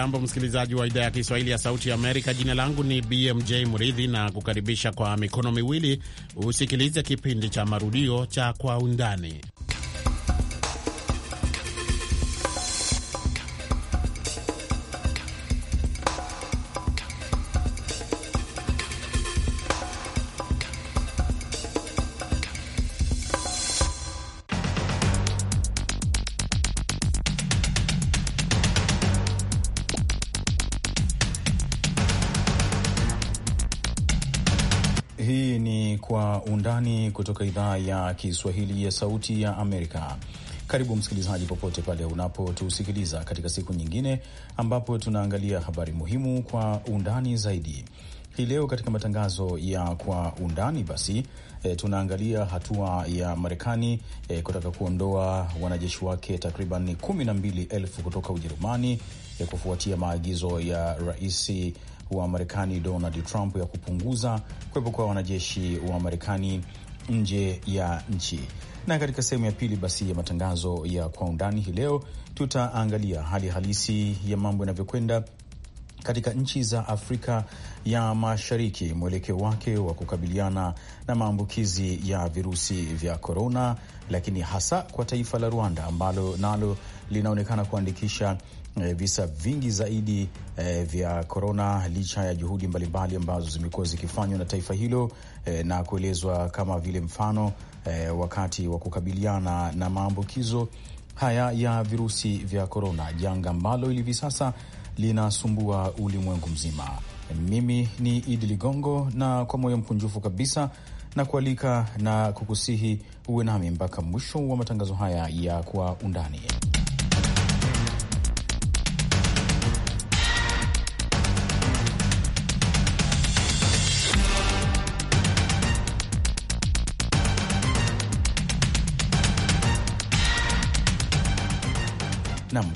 Hujambo msikilizaji wa idhaa ya Kiswahili ya Sauti ya Amerika. Jina langu ni BMJ Mridhi na kukaribisha kwa mikono miwili usikilize kipindi cha marudio cha Kwa Undani. kutoka idhaa ya Kiswahili ya Sauti ya Amerika. Karibu msikilizaji, popote pale unapotusikiliza katika siku nyingine ambapo tunaangalia habari muhimu kwa undani zaidi. Hii leo katika matangazo ya kwa undani basi e, tunaangalia hatua ya Marekani e, kutaka kuondoa wanajeshi wake takriban kumi na mbili elfu kutoka Ujerumani e, kufuatia maagizo ya rais wa Marekani Donald Trump ya kupunguza kuwepo kwa wanajeshi wa Marekani nje ya nchi. Na katika sehemu ya pili basi ya matangazo ya kwa undani hii leo, tutaangalia hali halisi ya mambo yanavyokwenda katika nchi za Afrika ya Mashariki, mwelekeo wake wa kukabiliana na maambukizi ya virusi vya korona, lakini hasa kwa taifa la Rwanda ambalo nalo linaonekana kuandikisha E, visa vingi zaidi eh, vya korona, licha ya juhudi mbalimbali ambazo zimekuwa zikifanywa na taifa hilo eh, na kuelezwa kama vile mfano eh, wakati wa kukabiliana na maambukizo haya ya virusi vya korona, janga ambalo hivi sasa linasumbua ulimwengu mzima. Mimi ni Idi Ligongo, na kwa moyo mkunjufu kabisa na kualika na kukusihi uwe nami mpaka mwisho wa matangazo haya ya Kwa Undani.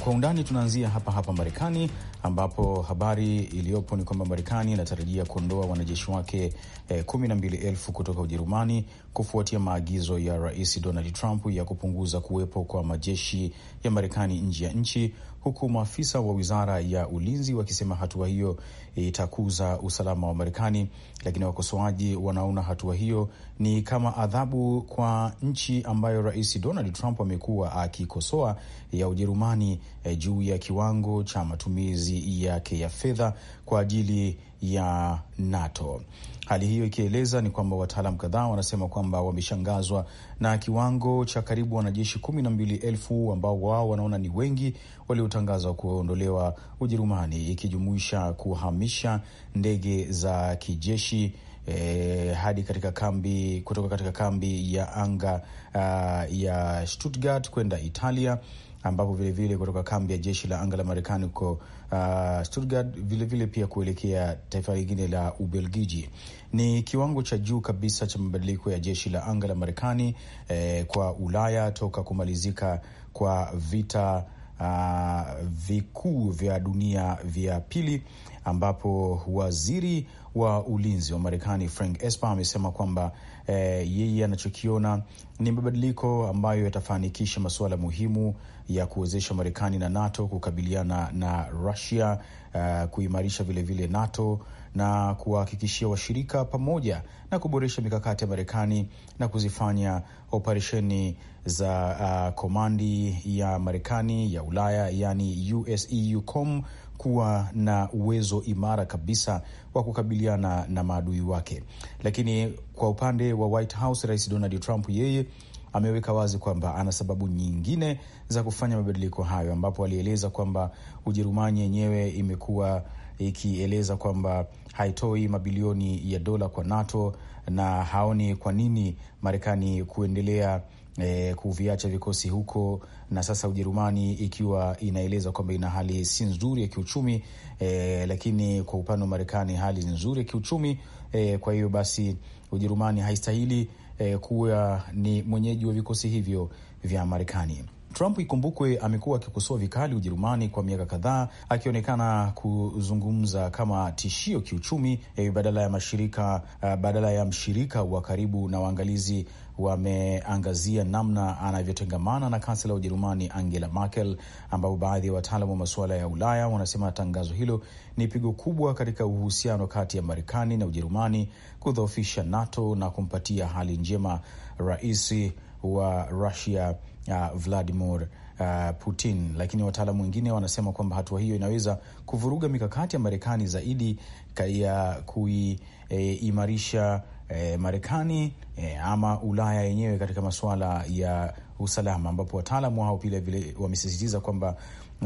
Kwa undani tunaanzia hapa hapa Marekani, ambapo habari iliyopo ni kwamba Marekani inatarajia kuondoa wanajeshi wake eh, kumi na mbili elfu kutoka Ujerumani kufuatia maagizo ya Rais Donald Trump ya kupunguza kuwepo kwa majeshi ya Marekani nje ya nchi huku maafisa wa wizara ya ulinzi wakisema hatua hiyo itakuza usalama wa Marekani, lakini wakosoaji wanaona hatua hiyo ni kama adhabu kwa nchi ambayo Rais Donald Trump amekuwa akikosoa ya Ujerumani eh, juu ya kiwango cha matumizi yake ya fedha kwa ajili ya NATO. Hali hiyo ikieleza ni kwamba wataalam kadhaa wanasema kwamba wameshangazwa na kiwango cha karibu wanajeshi kumi na mbili elfu ambao wao wanaona ni wengi waliotangazwa kuondolewa Ujerumani, ikijumuisha kuhamisha ndege za kijeshi E, hadi katika kambi kutoka katika kambi ya anga uh, ya Stuttgart kwenda Italia ambapo vilevile kutoka kambi ya jeshi la anga la Marekani huko uh, Stuttgart, vilevile pia kuelekea taifa lingine la Ubelgiji. Ni kiwango cha juu kabisa cha mabadiliko ya jeshi la anga la Marekani eh, kwa Ulaya toka kumalizika kwa vita uh, vikuu vya dunia vya pili, ambapo waziri wa ulinzi wa Marekani Frank Esper amesema kwamba e, yeye anachokiona ni mabadiliko ambayo yatafanikisha masuala muhimu ya kuwezesha Marekani na NATO kukabiliana na Rusia, uh, eh, kuimarisha vilevile NATO na kuwahakikishia washirika pamoja na kuboresha mikakati ya Marekani na kuzifanya operesheni za uh, komandi ya Marekani ya Ulaya, yani useucom kuwa na uwezo imara kabisa wa kukabiliana na maadui wake. Lakini kwa upande wa White House, Rais Donald Trump yeye ameweka wazi kwamba ana sababu nyingine za kufanya mabadiliko hayo, ambapo alieleza kwamba Ujerumani yenyewe imekuwa ikieleza kwamba haitoi mabilioni ya dola kwa NATO na haoni kwa nini Marekani kuendelea e, kuviacha vikosi huko, na sasa Ujerumani ikiwa inaeleza kwamba ina hali si nzuri ya kiuchumi e, lakini kwa upande wa Marekani hali ni nzuri ya kiuchumi e, kwa hiyo basi Ujerumani haistahili e, kuwa ni mwenyeji wa vikosi hivyo vya Marekani. Trump ikumbukwe, amekuwa akikosoa vikali Ujerumani kwa miaka kadhaa, akionekana kuzungumza kama tishio kiuchumi eh, badala ya mashirika uh, badala ya mshirika wa karibu, na waangalizi wameangazia namna anavyotengamana na kansela wa Ujerumani Angela Merkel, ambapo baadhi ya wataalamu wa masuala ya Ulaya wanasema tangazo hilo ni pigo kubwa katika uhusiano kati ya Marekani na Ujerumani, kudhoofisha NATO na kumpatia hali njema rais wa Rusia uh, Vladimir Uh, Putin, lakini wataalamu wengine wanasema kwamba hatua hiyo inaweza kuvuruga mikakati ya Marekani zaidi ya kuiimarisha e, e, Marekani e, ama Ulaya yenyewe katika masuala ya usalama, ambapo wataalamu hao pia vile wamesisitiza kwamba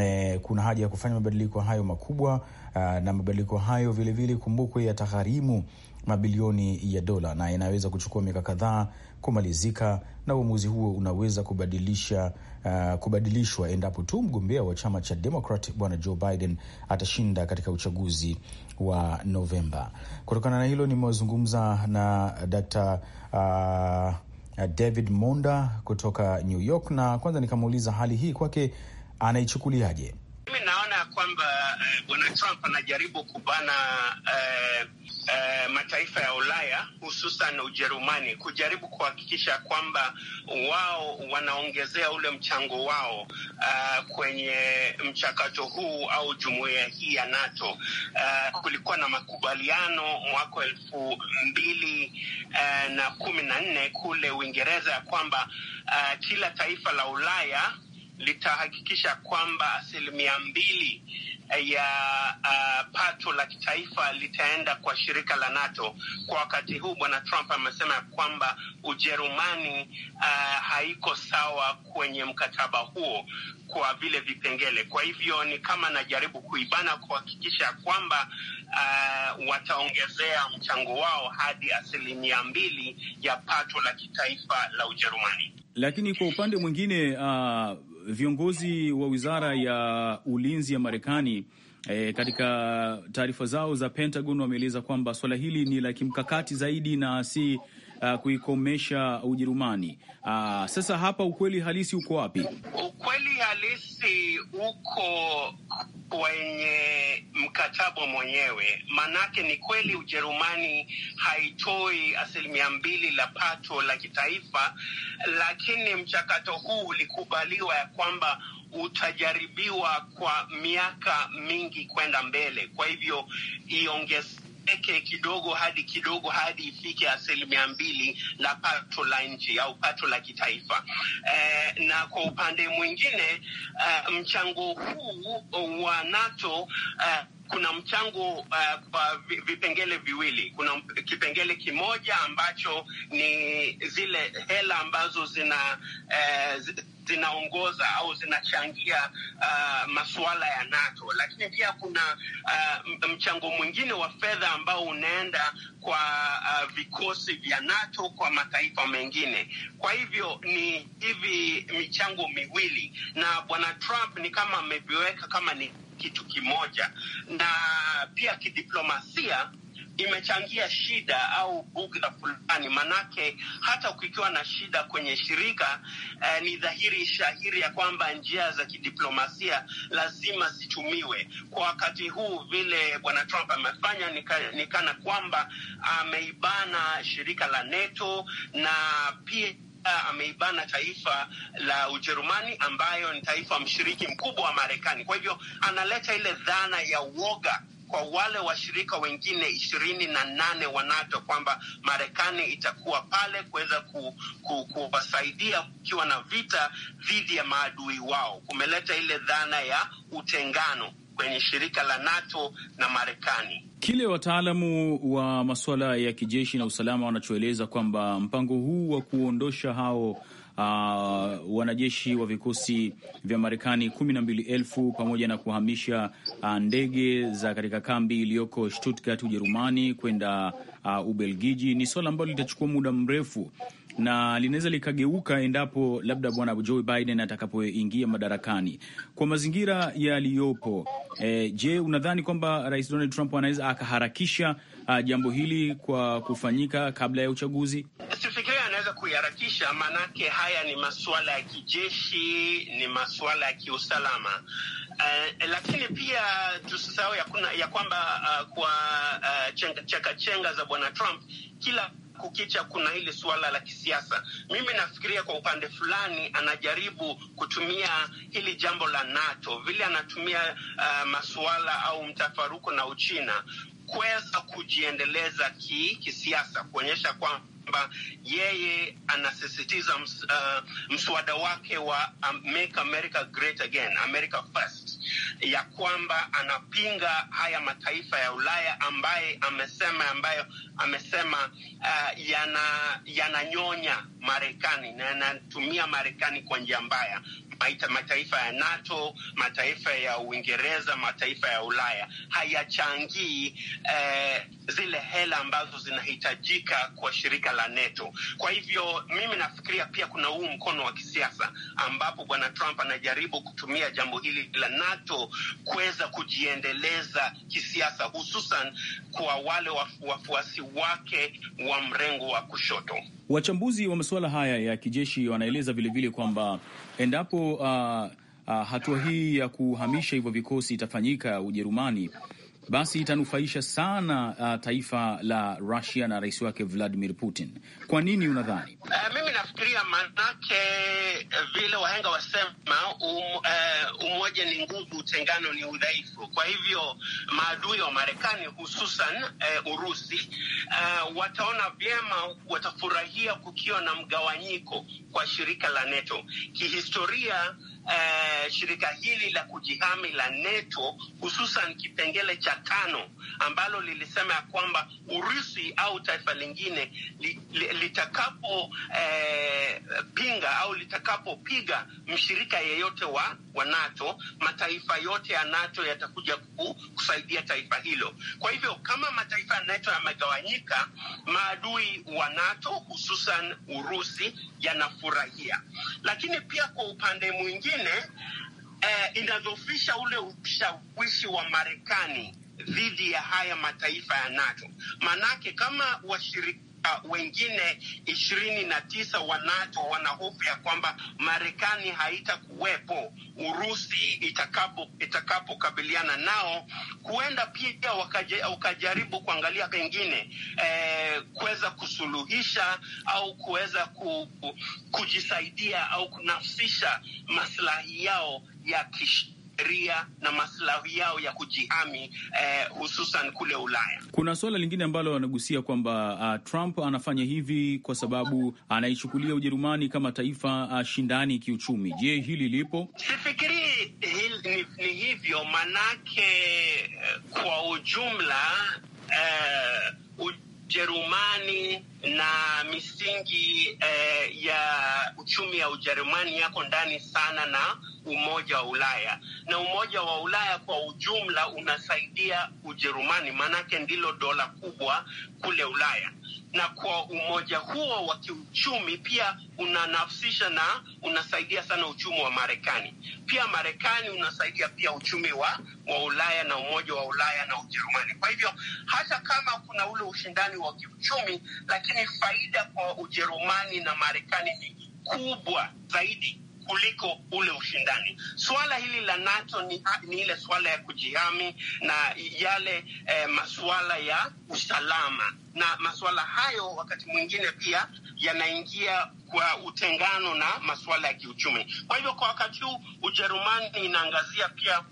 e, kuna haja ya kufanya mabadiliko hayo makubwa a, uh, na mabadiliko hayo vilevile kumbukwe yatagharimu mabilioni ya dola na inaweza kuchukua miaka kadhaa kumalizika, na uamuzi huo unaweza kubadilisha uh, kubadilishwa endapo tu mgombea wa chama cha Demokrat bwana Joe Biden atashinda katika uchaguzi wa Novemba. Kutokana na hilo, nimezungumza na Dr. Uh, David Monda kutoka New York na kwanza nikamuuliza hali hii kwake anaichukuliaje. Mimi naona kwamba eh, bwana Trump anajaribu kubana uh, Eh, mataifa ya Ulaya hususan Ujerumani kujaribu kuhakikisha kwamba wao wanaongezea ule mchango wao uh, kwenye mchakato huu au jumuiya hii ya NATO. Uh, kulikuwa na makubaliano mwaka elfu mbili uh, na kumi na nne kule Uingereza ya kwamba uh, kila taifa la Ulaya litahakikisha kwamba asilimia mbili eh, ya uh, pato la kitaifa litaenda kwa shirika la NATO. Kwa wakati huu bwana Trump amesema ya kwamba Ujerumani uh, haiko sawa kwenye mkataba huo kwa vile vipengele. Kwa hivyo ni kama najaribu kuibana kuhakikisha kwamba uh, wataongezea mchango wao hadi asilimia mbili ya pato la kitaifa la Ujerumani. Lakini kwa upande mwingine uh viongozi wa wizara ya ulinzi ya Marekani E, katika taarifa zao za Pentagon wameeleza kwamba swala hili ni la kimkakati zaidi na si uh, kuikomesha Ujerumani. Uh, sasa hapa ukweli halisi uko wapi? Ukweli halisi uko kwenye mkataba mwenyewe, manake ni kweli Ujerumani haitoi asilimia mbili la pato la kitaifa, lakini mchakato huu ulikubaliwa ya kwamba utajaribiwa kwa miaka mingi kwenda mbele, kwa hivyo iongeze eke kidogo hadi kidogo hadi ifike asilimia mbili la pato la nchi au pato la kitaifa. E, na kwa upande mwingine uh, mchango huu wa NATO uh, kuna mchango uh, kwa vipengele viwili. Kuna kipengele kimoja ambacho ni zile hela ambazo zina uh, zinaongoza au zinachangia uh, masuala ya NATO, lakini pia kuna uh, mchango mwingine wa fedha ambao unaenda kwa uh, vikosi vya NATO kwa mataifa mengine. Kwa hivyo ni hivi michango miwili, na bwana Trump ni kama ameviweka kama ni kitu kimoja, na pia kidiplomasia imechangia shida au bugdha fulani, manake hata ukikiwa na shida kwenye shirika eh, ni dhahiri shahiri ya kwamba njia za kidiplomasia lazima zitumiwe. Kwa wakati huu vile Bwana Trump amefanya nikana kwamba ameibana shirika la NATO na pia pia ameibana taifa la Ujerumani ambayo ni taifa mshiriki mkubwa wa Marekani. Kwa hivyo analeta ile dhana ya uoga kwa wale washirika wengine ishirini na nane wa NATO kwamba Marekani itakuwa pale kuweza kuwasaidia ku, kukiwa na vita dhidi ya maadui wao. Kumeleta ile dhana ya utengano kwenye shirika la NATO na Marekani. Kile wataalamu wa masuala ya kijeshi na usalama wanachoeleza kwamba mpango huu wa kuondosha hao Uh, wanajeshi wa vikosi vya Marekani kumi na mbili elfu pamoja na kuhamisha uh, ndege za katika kambi iliyoko Stuttgart Ujerumani kwenda uh, Ubelgiji ni swala ambalo litachukua muda mrefu, na linaweza likageuka endapo labda bwana Joe Biden atakapoingia madarakani kwa mazingira yaliyopo. E, je, unadhani kwamba rais Donald Trump anaweza akaharakisha a, ah, jambo hili kwa kufanyika kabla ya uchaguzi? Sifikiria anaweza kuiharakisha, maanake haya ni masuala ya kijeshi, ni masuala ya kiusalama. Uh, lakini pia tusisahau ya, ya kwamba uh, kwa uh, chenga, chenga za bwana Trump kila kukicha kuna hili suala la kisiasa. Mimi nafikiria kwa upande fulani anajaribu kutumia hili jambo la NATO vile anatumia uh, masuala au mtafaruku na Uchina kuweza kujiendeleza ki, kisiasa kuonyesha kwa kwamba yeye anasisitiza ms, uh, mswada wake wa um, Make America Great Again, America First ya kwamba anapinga haya mataifa ya Ulaya ambaye amesema ambayo amesema uh, yananyonya yana Marekani na yanatumia Marekani kwa njia mbaya mataifa ya NATO, mataifa ya Uingereza, mataifa ya Ulaya hayachangii eh, zile hela ambazo zinahitajika kwa shirika la NATO. Kwa hivyo mimi nafikiria pia kuna huu mkono wa kisiasa ambapo bwana Trump anajaribu kutumia jambo hili la NATO kuweza kujiendeleza kisiasa, hususan kwa wale wafuasi wake wa mrengo wa kushoto. Wachambuzi wa masuala haya ya kijeshi wanaeleza vilevile kwamba endapo uh, uh, hatua hii ya kuhamisha hivyo vikosi itafanyika Ujerumani basi itanufaisha sana uh, taifa la Russia na rais wake Vladimir Putin. Kwa nini unadhani? Uh, mimi nafikiria manake eh, vile wahenga wasema um, uh, umoja ni nguvu, utengano ni udhaifu. Kwa hivyo maadui wa Marekani hususan uh, Urusi uh, wataona vyema, watafurahia kukiwa na mgawanyiko kwa shirika la NATO kihistoria Eh, shirika hili la kujihami la NATO hususan kipengele cha tano ambalo lilisema ya kwamba Urusi au taifa lingine li, li, litakapopinga eh, au litakapopiga mshirika yeyote wa, wa NATO, mataifa yote ya NATO yatakuja kusaidia taifa hilo. Kwa hivyo kama mataifa ya NATO yamegawanyika, maadui wa NATO hususan Urusi yanafurahia, lakini pia kwa upande mwingine nyingine eh, inadhofisha ule ushawishi wa Marekani dhidi ya haya mataifa ya NATO. manake kama washirik wengine ishirini na tisa wa NATO wanahofu ya kwamba Marekani haitakuwepo Urusi itakapokabiliana nao. Huenda pia wakajaribu kuangalia pengine eh, kuweza kusuluhisha au kuweza ku, kujisaidia au kunafsisha maslahi yao ya kishi ria na maslahi yao ya kujihami eh, hususan kule Ulaya. Kuna suala lingine ambalo wanagusia kwamba uh, Trump anafanya hivi kwa sababu anaichukulia Ujerumani kama taifa uh, shindani kiuchumi. Je, hili lipo? Sifikirii ni, ni hivyo manake, eh, kwa ujumla uh, Ujerumani na misingi eh, ya uchumi ya Ujerumani yako ndani sana na Umoja wa Ulaya, na Umoja wa Ulaya kwa ujumla unasaidia Ujerumani, maanake ndilo dola kubwa kule Ulaya na kwa umoja huo wa kiuchumi pia unanafsisha na unasaidia sana uchumi wa Marekani. Pia Marekani unasaidia pia uchumi wa, wa Ulaya na umoja wa Ulaya na Ujerumani. Kwa hivyo hata kama kuna ule ushindani wa kiuchumi, lakini faida kwa Ujerumani na Marekani ni kubwa zaidi kuliko ule ushindani. Suala hili la NATO ni, ni ile suala ya kujihami na yale eh, masuala ya usalama na masuala hayo wakati mwingine pia yanaingia kwa utengano na masuala ya kiuchumi. Kwa hivyo kwa wakati huu Ujerumani inaangazia pia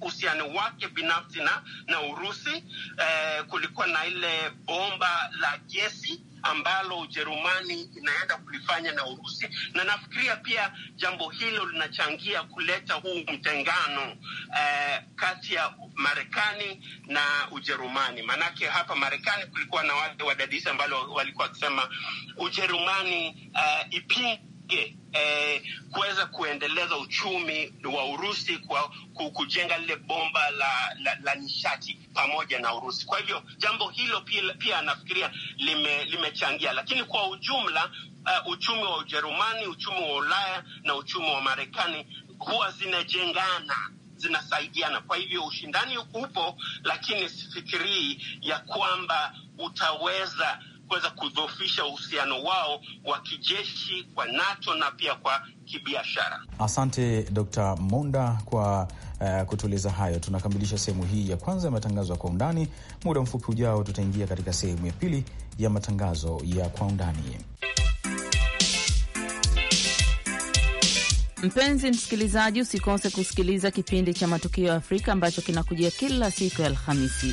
uhusiano wake binafsi na, na Urusi. Eh, kulikuwa na ile bomba la gesi ambalo Ujerumani inaenda kulifanya na Urusi, na nafikiria pia jambo hilo linachangia kuleta huu mtengano eh, kati ya Marekani na Ujerumani. Maanake hapa Marekani kulikuwa na wale wadadisi ambalo walikuwa wakisema Ujerumani eh, ipinge wapige eh, kuweza kuendeleza uchumi wa Urusi kwa kujenga lile bomba la, la, la nishati pamoja na Urusi. Kwa hivyo jambo hilo pia, pia nafikiria limechangia lime, lakini kwa ujumla uh, uchumi wa Ujerumani, uchumi wa Ulaya na uchumi wa Marekani huwa zinajengana zinasaidiana. Kwa hivyo ushindani upo, lakini sifikirii ya kwamba utaweza kuweza kudhoofisha uhusiano wao wa kijeshi kwa NATO na pia kwa kibiashara. Asante Dr. Monda kwa uh, kutueleza hayo. Tunakamilisha sehemu hii ya kwanza ya matangazo ya kwa undani. Muda mfupi ujao, tutaingia katika sehemu ya pili ya matangazo ya kwa undani. Mpenzi msikilizaji, usikose kusikiliza kipindi cha Matukio ya Afrika ambacho kinakujia kila siku ya Alhamisi.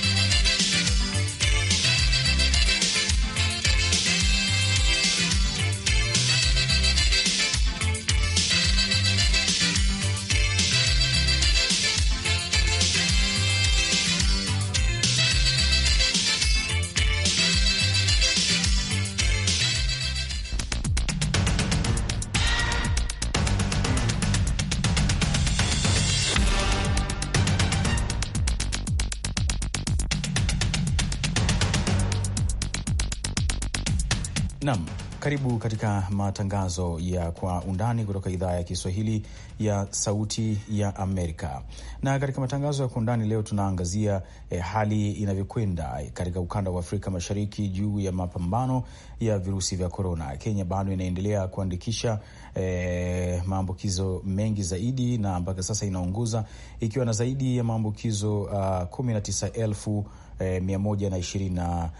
nam karibu katika matangazo ya kwa undani kutoka idhaa ya Kiswahili ya Sauti ya Amerika. Na katika matangazo ya kwa undani leo tunaangazia eh, hali inavyokwenda eh, katika ukanda wa Afrika Mashariki juu ya mapambano ya virusi vya korona. Kenya bado inaendelea kuandikisha eh, maambukizo mengi zaidi na mpaka sasa inaongoza ikiwa na zaidi ya maambukizo uh, kumi na tisa elfu 125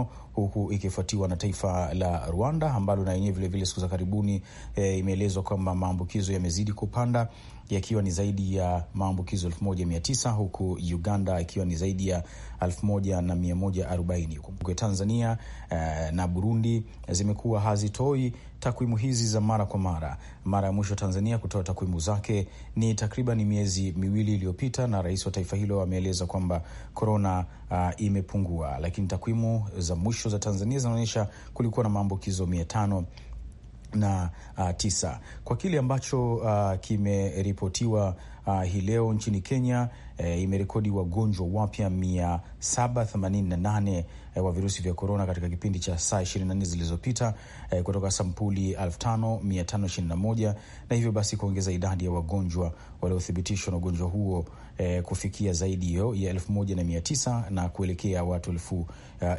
eh, huku ikifuatiwa na taifa la Rwanda ambalo na yenyewe vilevile siku za karibuni eh, imeelezwa kwamba maambukizo yamezidi kupanda yakiwa ni zaidi ya maambukizo 1900 huku Uganda ikiwa ni zaidi ya 1140. Kumbuke Tanzania uh, na Burundi zimekuwa hazitoi takwimu hizi za mara kwa mara. Mara ya mwisho Tanzania kutoa takwimu zake ni takriban miezi miwili iliyopita, na rais wa taifa hilo ameeleza kwamba korona uh, imepungua, lakini takwimu za mwisho za Tanzania zinaonyesha kulikuwa na maambukizo mia tano na uh, tisa kwa kile ambacho uh, kimeripotiwa uh, hii leo nchini Kenya eh, imerekodi wagonjwa wapya mia saba themanini na nane eh, wa virusi vya korona katika kipindi cha saa nne zilizopita eh, kutoka sampuli 5521 na hivyo basi kuongeza idadi ya wagonjwa waliothibitishwa na ugonjwa huo eh, kufikia zaidi hiyo ya elfu moja na mia tisa na kuelekea watu elfu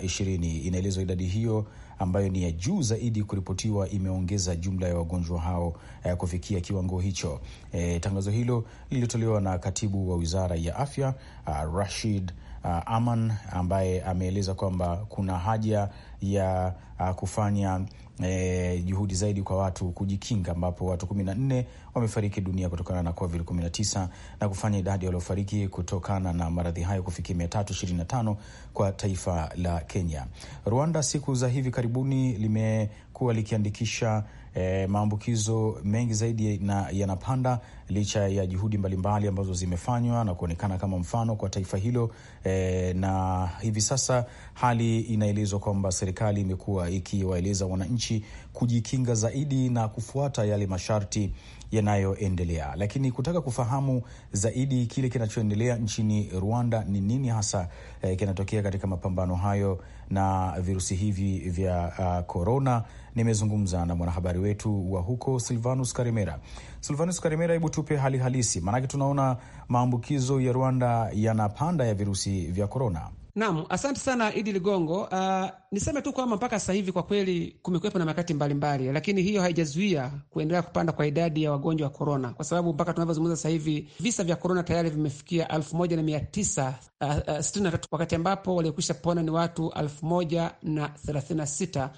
ishirini. Inaelezwa idadi hiyo ambayo ni ya juu zaidi kuripotiwa imeongeza jumla ya wagonjwa hao eh, kufikia kiwango hicho. Eh, tangazo hilo lilitolewa na katibu wa wizara ya afya ah, Rashid uh, Aman ambaye ameeleza kwamba kuna haja ya uh, kufanya eh, juhudi zaidi kwa watu kujikinga, ambapo watu kumi na nne wamefariki dunia kutokana na Covid 19 na kufanya idadi waliofariki kutokana na maradhi hayo kufikia mia tatu ishirini na tano kwa taifa la Kenya. Rwanda siku za hivi karibuni limekuwa likiandikisha e, maambukizo mengi zaidi na yanapanda licha ya juhudi mbalimbali ambazo zimefanywa na kuonekana kama mfano kwa taifa hilo e, na hivi sasa hali inaelezwa kwamba serikali imekuwa ikiwaeleza wananchi kujikinga zaidi na kufuata yale masharti yanayoendelea. Lakini kutaka kufahamu zaidi kile kinachoendelea nchini Rwanda ni nini hasa eh, kinatokea katika mapambano hayo na virusi hivi vya korona uh, nimezungumza na mwanahabari wetu wa huko Silvanus Karimera. Silvanus Karimera, hebu tupe hali halisi, maanake tunaona maambukizo ya Rwanda yanapanda ya virusi vya korona. Naam, asante sana Idi Ligongo. Uh, niseme tu kwamba mpaka sasa hivi kwa kweli kumekuwepo na makati mbalimbali, lakini hiyo haijazuia kuendelea kupanda kwa idadi ya wagonjwa wa korona, kwa sababu mpaka tunavyozungumza sasa hivi visa vya korona tayari vimefikia elfu moja na mia tisa uh, uh, sitini na tatu wakati ambapo waliokwisha pona ni watu elfu moja na thelathini na sita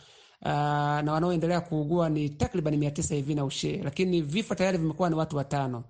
uh, na wanaoendelea kuugua ni takriban mia tisa hivi na ushe, lakini vifo tayari vimekuwa ni watu watano,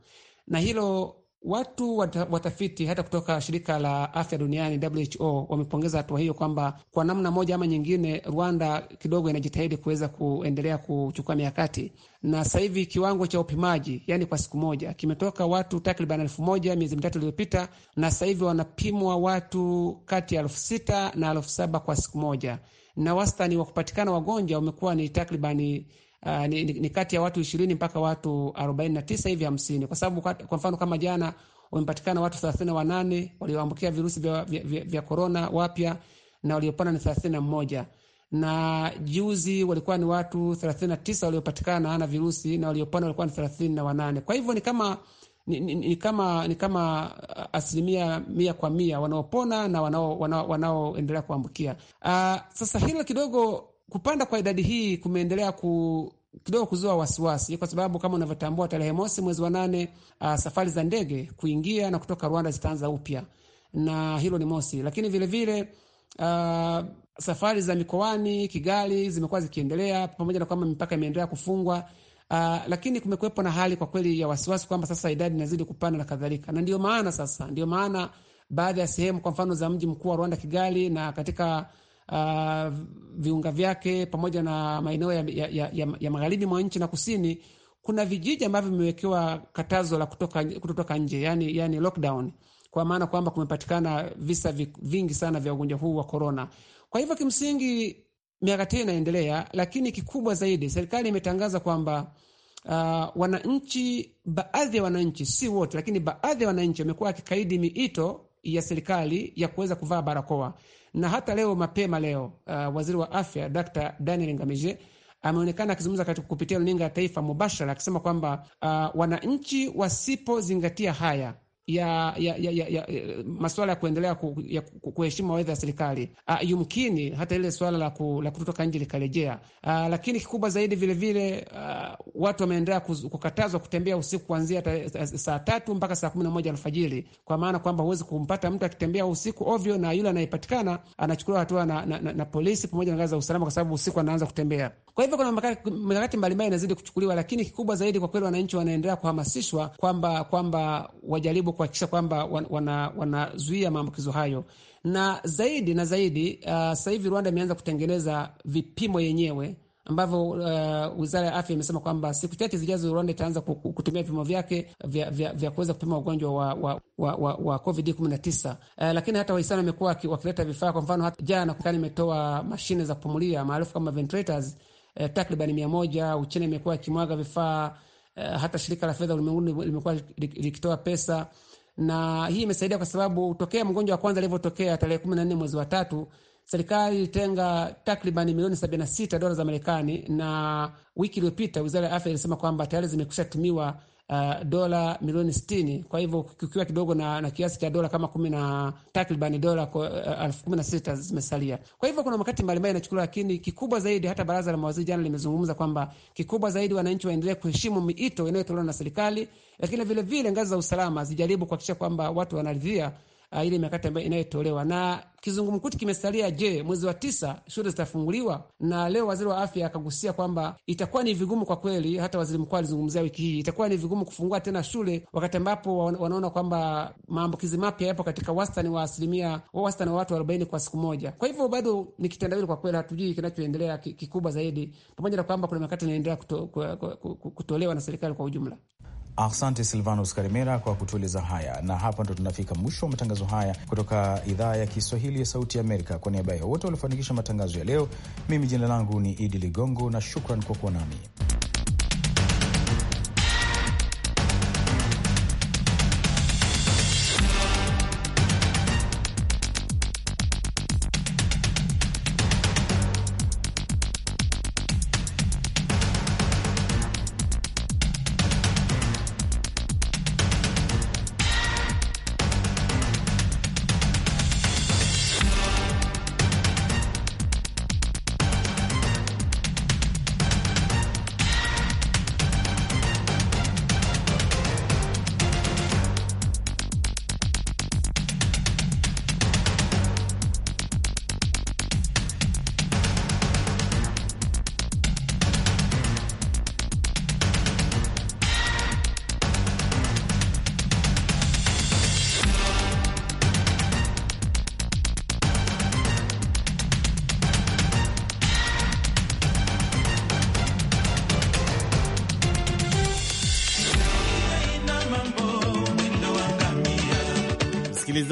na hilo watu watafiti hata kutoka shirika la afya duniani WHO wamepongeza hatua hiyo, kwamba kwa namna moja ama nyingine Rwanda kidogo inajitahidi kuweza kuendelea kuchukua mikakati, na sasa hivi kiwango cha upimaji, yani kwa siku moja, kimetoka watu takriban elfu moja miezi mitatu iliyopita, na sasa hivi wanapimwa watu kati ya elfu sita na elfu saba kwa siku moja na wastani wa kupatikana wagonjwa umekuwa ni takribani Uh, ni, ni, ni kati ya watu ishirini mpaka watu arobaini na tisa hivi hamsini, kwa sababu kwa mfano kama jana wamepatikana watu thelathini na wanane walioambukia virusi vya korona wapya na waliopona ni thelathini na mmoja na juzi walikuwa ni watu thelathini na tisa waliopatikana na virusi na waliopona walikuwa ni thelathini na wanane. Kwa hivyo ni kama ni, ni, ni kama ni kama uh, asilimia mia kwa mia wanaopona na wanaoendelea wanao, wanao kuambukia. Uh, sasa hilo kidogo kupanda kwa idadi hii kumeendelea ku kidogo kuzua wasiwasi kwa sababu kama unavyotambua, tarehe mosi mwezi wa nane uh, safari za ndege kuingia na kutoka Rwanda zitaanza upya, na hilo ni mosi. Lakini vilevile uh, safari za mikoani Kigali zimekuwa zikiendelea, pamoja na kwamba mipaka imeendelea kufungwa, Uh, lakini kumekuwepo na hali kwa kweli ya wasiwasi kwamba sasa idadi inazidi kupanda na kadhalika, na ndio maana sasa, ndio maana baadhi ya sehemu kwa mfano za mji mkuu wa Rwanda Kigali, na katika uh, viunga vyake pamoja na maeneo ya, ya, ya, ya, ya magharibi mwa nchi na kusini, kuna vijiji ambavyo vimewekewa katazo la kutoka, kutotoka nje yani, yani lockdown, kwa maana kwamba kumepatikana visa vingi sana vya ugonjwa huu wa korona. Kwa hivyo kimsingi miaka tena inaendelea, lakini kikubwa zaidi serikali imetangaza kwamba uh, wananchi, baadhi ya wananchi, si wote, lakini baadhi ya wananchi wamekuwa wakikaidi miito ya serikali ya kuweza kuvaa barakoa, na hata leo mapema leo uh, waziri wa afya Dr. Daniel Ngamije ameonekana akizungumza katika kupitia runinga ya taifa mubashara akisema kwamba uh, wananchi wasipozingatia haya ya, ya, ya, ya, ya eh, masuala ya kuendelea ku, ya kuheshimu mawaidha ya serikali. Uh, yumkini hata ile suala la, ku, la kutotoka nje likarejea. Uh, lakini kikubwa zaidi vilevile vile, uh, watu wameendelea kukatazwa kutembea usiku kuanzia eh, eh, saa tatu mpaka saa kumi na moja alfajiri, kwa maana kwamba huwezi kumpata mtu akitembea usiku ovyo, na yule anayepatikana anachukuliwa hatua na, na, na, na polisi pamoja na ngazi za usalama, kwa sababu usiku anaanza kutembea. Kwa hivyo kuna mikakati mbalimbali inazidi kuchukuliwa, lakini kikubwa zaidi kwa kweli wananchi wanaendelea kuhamasishwa kwamba kwamba wajaribu hivyo kuhakikisha kwamba wanazuia wana wana maambukizo hayo. Na zaidi na zaidi, uh, sasa hivi Rwanda imeanza kutengeneza vipimo yenyewe ambavyo uh, wizara ya afya imesema kwamba siku chache zijazo Rwanda itaanza kutumia vipimo vyake vya, vya, vya kuweza kupima ugonjwa wa, wa, wa, wa, wa COVID 19. Uh, lakini hata wahisani wamekuwa wakileta vifaa. Kwa mfano hata jana Marekani imetoa mashine za kupumulia maarufu kama ventilators, eh, takriban mia moja. Uchina imekuwa ikimwaga vifaa uh, hata shirika la fedha ulimwenguni limekuwa likitoa pesa, na hii imesaidia kwa sababu tokea mgonjwa wa kwanza alivyotokea tarehe kumi na nne mwezi wa tatu serikali ilitenga takriban milioni sita dola za Marekani, na wiki iliyopita wizara ya afya ilisema kwamba tayari zimekusha tumiwa uh, dola milioni 60. Kwa hivyo kukiwa kidogo na, na kiasi cha dola kama kumi na takribani dola uh, elfu kumi na sita zimesalia. Kwa hivyo kuna makati mbalimbali inachukuliwa, lakini kikubwa zaidi, hata baraza la mawaziri jana limezungumza kwamba kikubwa zaidi wananchi waendelee kuheshimu miito inayotolewa na serikali, lakini vilevile ngazi za usalama zijaribu kuhakikisha kwamba watu wanaridhia uh, ile mikakati ambayo inayotolewa na kizungumkuti kimesalia. Je, mwezi wa tisa shule zitafunguliwa? Na leo waziri wa afya akagusia kwamba itakuwa ni vigumu kwa kweli, hata waziri mkuu alizungumzia wiki hii, itakuwa ni vigumu kufungua tena shule wakati ambapo wanaona kwamba maambukizi mapya yapo katika wastani wa asilimia wastani wa watu arobaini kwa siku moja. Kwa hivyo bado ni kitendawili kwa kweli, hatujui kinachoendelea kikubwa zaidi, pamoja na kwamba kuna mikakati inaendelea kuto, kutolewa na serikali kwa ujumla. Asante Silvanus Karimera kwa kutueleza haya, na hapa ndo tunafika mwisho wa matangazo haya kutoka idhaa ya Kiswahili ya Sauti Amerika. Kwa niaba ya wote waliofanikisha matangazo ya leo, mimi jina langu ni Idi Ligongo na shukran kwa kuwa nami.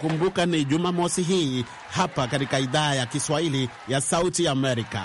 Kumbuka ni Jumamosi hii hapa katika idhaa ya Kiswahili ya Sauti Amerika.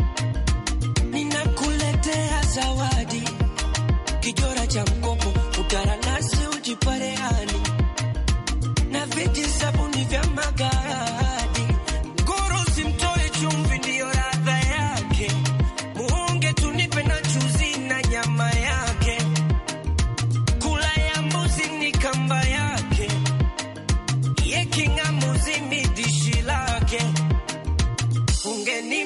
zawadi, kijora cha mkopo, utaranasi ujiparehani, na viti sabuni vya magadi. Nguru simtoe chumvi, ndiyo radha yake. Muonge tunipe na chuzi na nyama yake, kula ya mbuzi ni kamba yake, yekinga ni dishi lake ungeni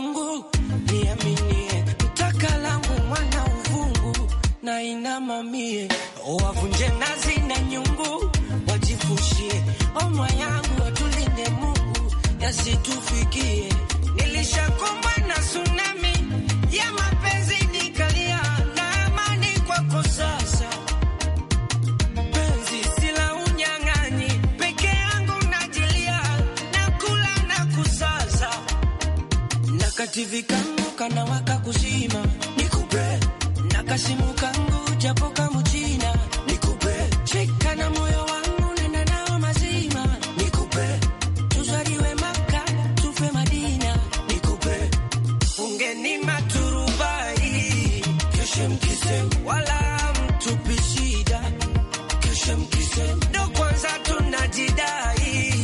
Mungu niaminie taka langu mwana uvungu, na inamamie wavunje nazi na nyungu, wajifushie omwa yangu, watulinde Mungu yasitufikie, na tsunami TV kangu kanawaka kuzima, nikupe na kasimu kangu japo kama China, nikupe cheka na moyo wangu nenda nao mazima, nikupe tuzaliwe Maka tufe Madina, nikupe fungeni maturubai keshe mkise wala mtupi shida keshe ndo kwanza tunajidai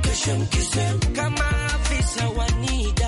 keshe mkise kama afisa wanida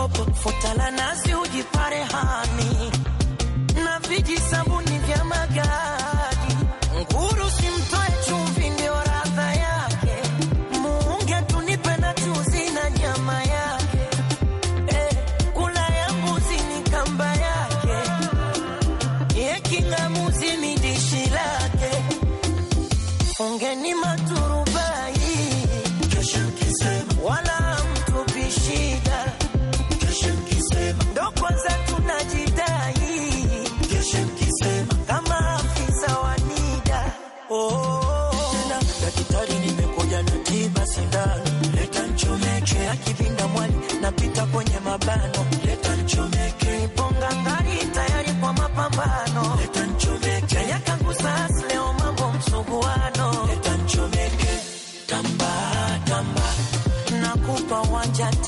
makopo futala nazi ujipare hani na viji sabuni vya magadi nguru simtoe chumvi ndio radha yake muunge tunipe na chuzi na nyama yake eh, kula ya mbuzi ni kamba yake yekingamu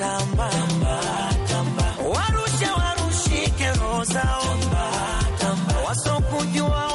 tamba, tamba, warushe warushike roho zao wasokujua